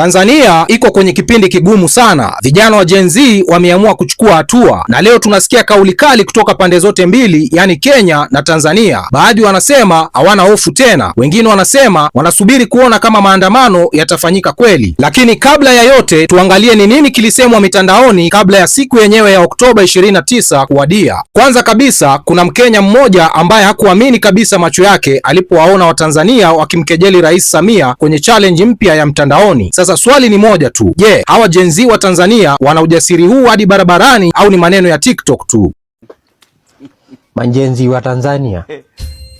Tanzania iko kwenye kipindi kigumu sana. Vijana wa Gen Z wameamua kuchukua hatua, na leo tunasikia kauli kali kutoka pande zote mbili, yani Kenya na Tanzania. Baadhi wanasema hawana hofu tena, wengine wanasema wanasubiri kuona kama maandamano yatafanyika kweli. Lakini kabla ya yote, tuangalie ni nini kilisemwa mitandaoni kabla ya siku yenyewe ya Oktoba 29 kuwadia. Kwanza kabisa, kuna Mkenya mmoja ambaye hakuamini kabisa macho yake alipowaona Watanzania wakimkejeli Rais Samia kwenye challenge mpya ya mtandaoni. Sasa sasa swali ni moja tu, je, yeah, hawa Gen Z wa Tanzania wana ujasiri huu hadi barabarani au ni maneno ya TikTok tu? Majenzi wa Tanzania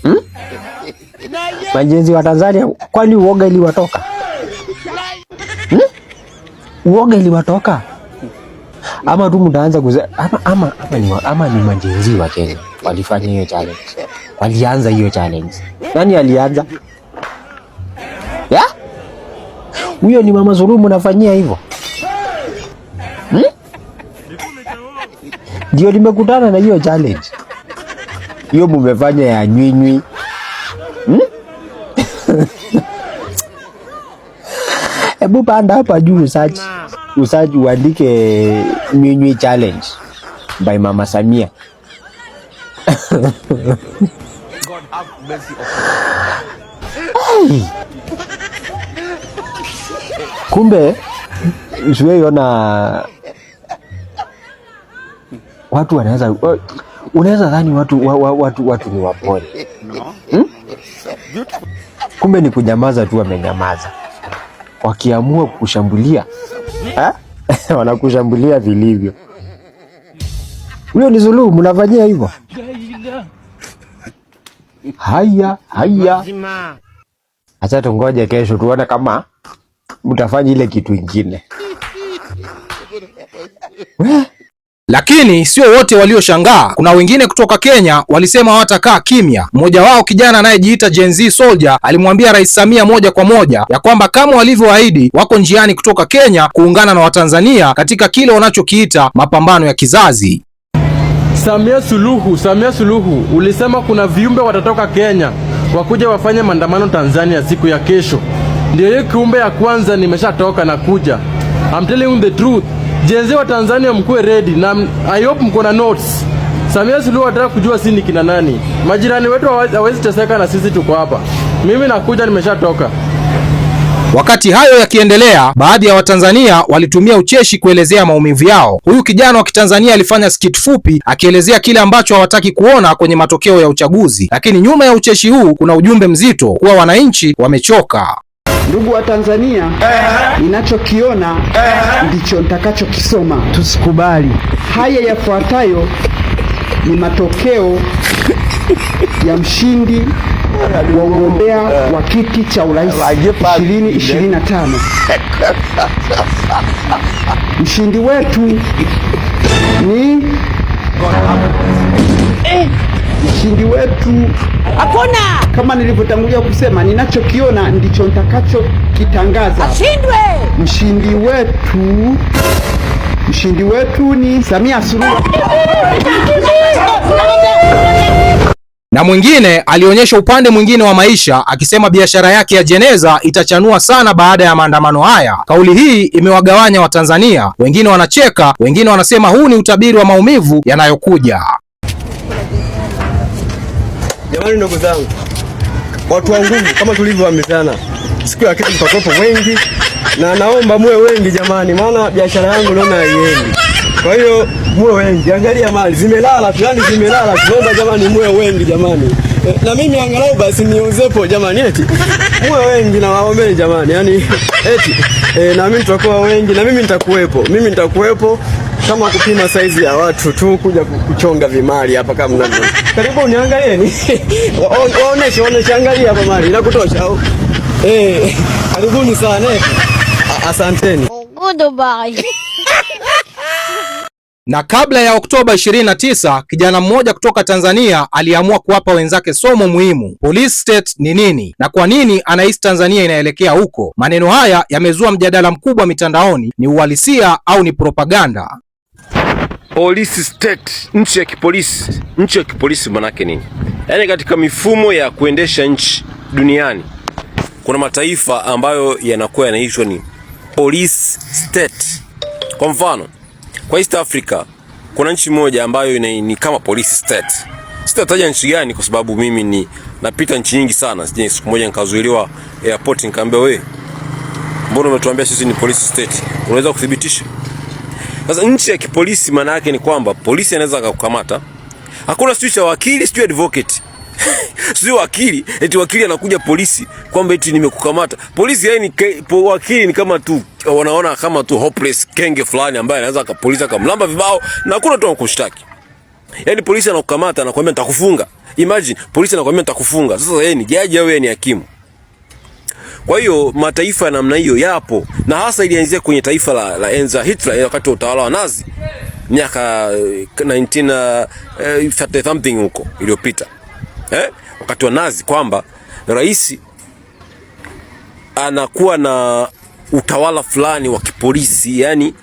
hmm? Majenzi wa Tanzania, kwani uoga iliwatoka hmm? Uoga iliwatoka ama tu mtaanza kuza ama, ama, ama, ni, ama ni majenzi wa Kenya walifanya hiyo challenge, walianza hiyo challenge. Nani alianza yeah? Huyo ni mama zulumu nafanyia hivyo hmm? ndio hmm? Nimekutana na hiyo challenge hiyo mumefanya ya nywinywi hmm? Hebu panda hapa juu usaji usaji uandike nywinywi challenge by Mama Samia God have mercy upon Kumbe siweiona watu wanaweza, unaweza dhani watu, watu, watu ni wapole hmm? Kumbe ni kunyamaza tu, wamenyamaza wakiamua kushambulia wanakushambulia vilivyo. Huyo ni dhulumu, mnafanyia hivyo. Haya, haya, acha tungoje kesho tuone kama mtafanya ile kitu ingine. Eh? Lakini sio wote walioshangaa. Kuna wengine kutoka Kenya walisema hawatakaa kimya. Mmoja wao kijana anayejiita Gen Z Soldier alimwambia Rais Samia moja kwa moja ya kwamba kama walivyoahidi, wako njiani kutoka Kenya kuungana na Watanzania katika kile wanachokiita mapambano ya kizazi. Samia Suluhu, Samia Suluhu, ulisema kuna viumbe watatoka Kenya wakuja wafanye maandamano Tanzania siku ya kesho. Ndio hiyo kiumbe ya kwanza nimeshatoka na kuja. I'm telling you the truth. Jenzi wa Tanzania mkuwe ready na I hope mko na notes. Samia Suluhu anataka kujua si ni kina nani. Majirani wetu hawezi teseka na sisi tuko hapa. Mimi nakuja nimeshatoka. Wakati hayo yakiendelea, baadhi ya Watanzania walitumia ucheshi kuelezea maumivu yao. Huyu kijana wa Kitanzania alifanya skit fupi akielezea kile ambacho hawataki kuona kwenye matokeo ya uchaguzi, lakini nyuma ya ucheshi huu kuna ujumbe mzito kuwa wananchi wamechoka. Ndugu wa Tanzania, ninachokiona ndicho nitakachokisoma. Tusikubali haya yafuatayo. Ni matokeo ya mshindi wa ugombea wa kiti cha urais 2025. Mshindi wetu ni ushindi wetu hakuna. Kama nilivyotangulia kusema, ninachokiona ndicho nitakachokitangaza. Ashindwe mshindi wetu. Mshindi wetu ni Samia Suluhu na mwingine alionyesha upande mwingine wa maisha akisema biashara yake ya jeneza itachanua sana baada ya maandamano haya. Kauli hii imewagawanya Watanzania, wengine wanacheka, wengine wanasema huu ni utabiri wa maumivu yanayokuja. Jamani, ndugu zangu, watu wa nguvu, kama tulivyoambizana, siku ya kesho mtakuwepo wengi, na naomba muwe wengi jamani, maana biashara yangu naona haiendi. Kwa hiyo muwe wengi, angalia mali zimelala tu, yani zimelala. Tunaomba jamani, muwe wengi jamani, eh, na mimi angalau basi niuzepo jamani, eti muwe wengi na waombeni jamani, yani eti e, na mimi tutakuwa wengi, na mimi nitakuwepo, mimi nitakuwepo kama kupima saizi ya watu tu kuja kuchonga vimali hapa kama mnavyo. Karibu niangalieni. Waoneshe, waoneshe, angalia hapa mali inakutosha au? Eh, karibuni sana. Eh. Asanteni. Goodbye. Na kabla ya Oktoba 29 kijana mmoja kutoka Tanzania aliamua kuwapa wenzake somo muhimu: police state ni nini na kwa nini anahisi Tanzania inaelekea huko. Maneno haya yamezua mjadala mkubwa mitandaoni, ni uhalisia au ni propaganda? polisi state, nchi ya kipolisi. Nchi ya kipolisi manake nini? Yaani katika mifumo ya kuendesha nchi duniani kuna mataifa ambayo yanakuwa yanaitwa ni police state. Kwa mfano, kwa East Africa kuna nchi moja ambayo ina, ni kama police state. Sitataja nchi gani kwa sababu mimi ni napita nchi nyingi sana. Sije siku moja nikazuiliwa airport nikaambia, wewe mbona umetuambia sisi ni police state? Unaweza kuthibitisha? Sasa nchi ya kipolisi maana yake ni kwamba polisi anaweza akakukamata. Hakuna sio cha wakili, sio advocate. Sio wakili, eti wakili anakuja polisi kwamba eti nimekukamata. Polisi yeye ni wakili ni kama tu wanaona kama tu hopeless kenge fulani ambaye anaweza akapolisi akamlamba vibao na hakuna mtu anakushtaki. Yaani polisi anakukamata anakuambia nitakufunga. Imagine polisi anakuambia nitakufunga. Sasa yeye ni jaji au yeye ni hakimu? Kwa hiyo mataifa ya namna hiyo yapo, na hasa ilianzia kwenye taifa la, la enzi ya Hitler wakati wa utawala wa Nazi miaka 1930 eh, uh, eh something huko iliyopita eh, wakati wa Nazi kwamba rais anakuwa na utawala fulani wa kipolisi yani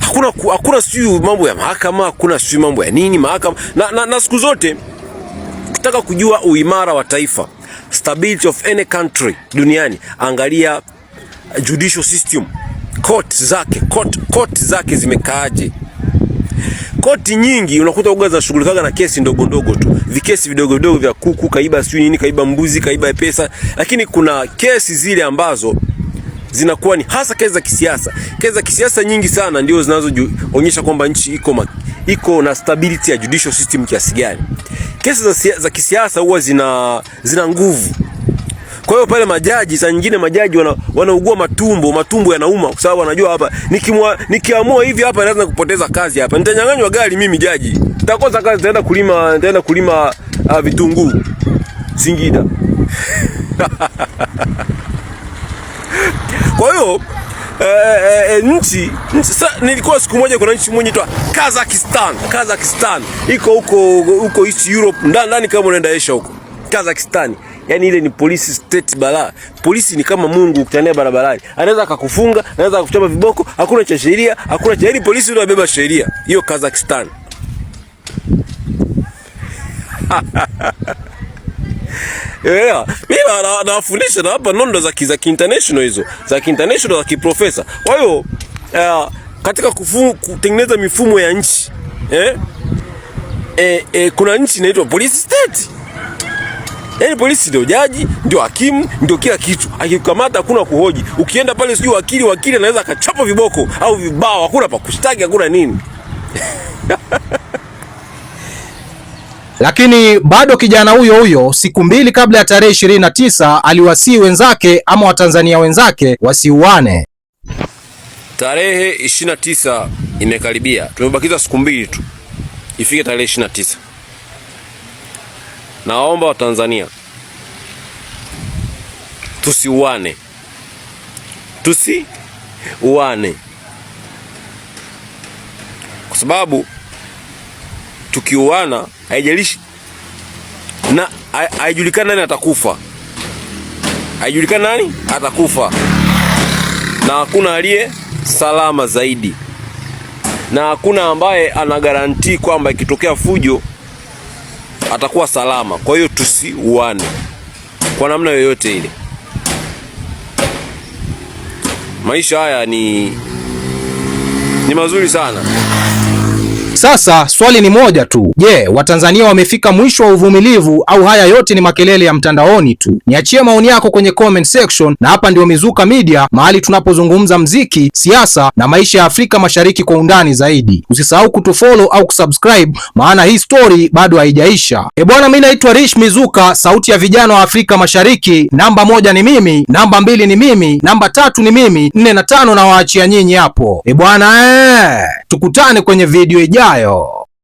hakuna, hakuna siyo mambo ya mahakama, hakuna siyo mambo ya nini mahakama na, na, na siku zote ukitaka kujua uimara wa taifa stability of any country duniani, angalia judicial system, court zake, court, court zake zimekaaje? Koti nyingi unakuta uga zinashughulikaga na kesi ndogo ndogo tu, vikesi vidogo vidogo vya kuku kaiba, sijui nini, kaiba mbuzi, kaiba pesa, lakini kuna kesi zile ambazo zinakuwa ni hasa kesi za kisiasa. Kesi za kisiasa nyingi sana ndio zinazoonyesha kwamba nchi iko iko na stability ya judicial system kiasi gani. Kesi za, za kisiasa huwa zina zina nguvu. Kwa hiyo pale majaji saa nyingine majaji wana, wanaugua matumbo, matumbo yanauma kwa sababu wanajua hapa nikimwa nikiamua hivi hapa naweza kupoteza kazi hapa. Nitanyang'anywa gari mimi jaji. Nitakosa kazi, nitaenda kulima nitaenda kulima uh, vitunguu Singida. Kwa hiyo e, e, nchi, nchi sa, nilikuwa siku moja kuna nchi moja inaitwa Kazakhstan. Kazakhstan iko huko huko East Europe ndani ndani, kama unaenda Asia huko Kazakhstan. Yaani ile ni police state bala. Polisi ni kama Mungu ukitania barabarani. Anaweza akakufunga, anaweza akakuchapa viboko, hakuna cha sheria, hakuna cha. Yaani polisi ndio wabeba sheria. Hiyo Kazakhstan. Yeah. Mimi nawafundisha na hapa nondo za ki, za international hizo, za international za kiprofesa. Kwa hiyo uh, katika kufu, kutengeneza mifumo ya nchi eh? Eh, eh, kuna nchi inaitwa police state. Yaani polisi ndio jaji, ndio hakimu, ndio kila kitu. Akikamata hakuna kuhoji. Ukienda pale sijui wakili, wakili anaweza akachapa viboko au vibao, hakuna pa kushtaki, hakuna nini. Lakini bado kijana huyo huyo siku mbili kabla ya tarehe 29 aliwasii wenzake ama watanzania wenzake wasiuane. Tarehe 29 imekaribia, tumebakiza siku mbili tu ifike tarehe 29. Naomba Watanzania tusiuane, tusiuane kwa sababu tukiuana haijalishi na haijulikani nani atakufa, haijulikani nani atakufa, na hakuna aliye salama zaidi, na hakuna ambaye ana garanti kwamba ikitokea fujo atakuwa salama. Kwa hiyo tusiuane kwa namna yoyote ile. Maisha haya ni ni mazuri sana. Sasa swali ni moja tu. Je, yeah, Watanzania wamefika mwisho wa uvumilivu au haya yote ni makelele ya mtandaoni tu? Niachie maoni yako kwenye comment section, na hapa ndio Mizuka Media, mahali tunapozungumza mziki, siasa na maisha ya Afrika Mashariki kwa undani zaidi. Usisahau kutufollow au kusubscribe, maana hii story bado haijaisha. E bwana, mimi naitwa Rich Mizuka, sauti ya vijana wa Afrika Mashariki. Namba moja ni mimi, namba mbili ni mimi, namba tatu ni mimi, nne na tano nawaachia nyinyi hapo. E bwana, ee, tukutane kwenye video ijayo. 还有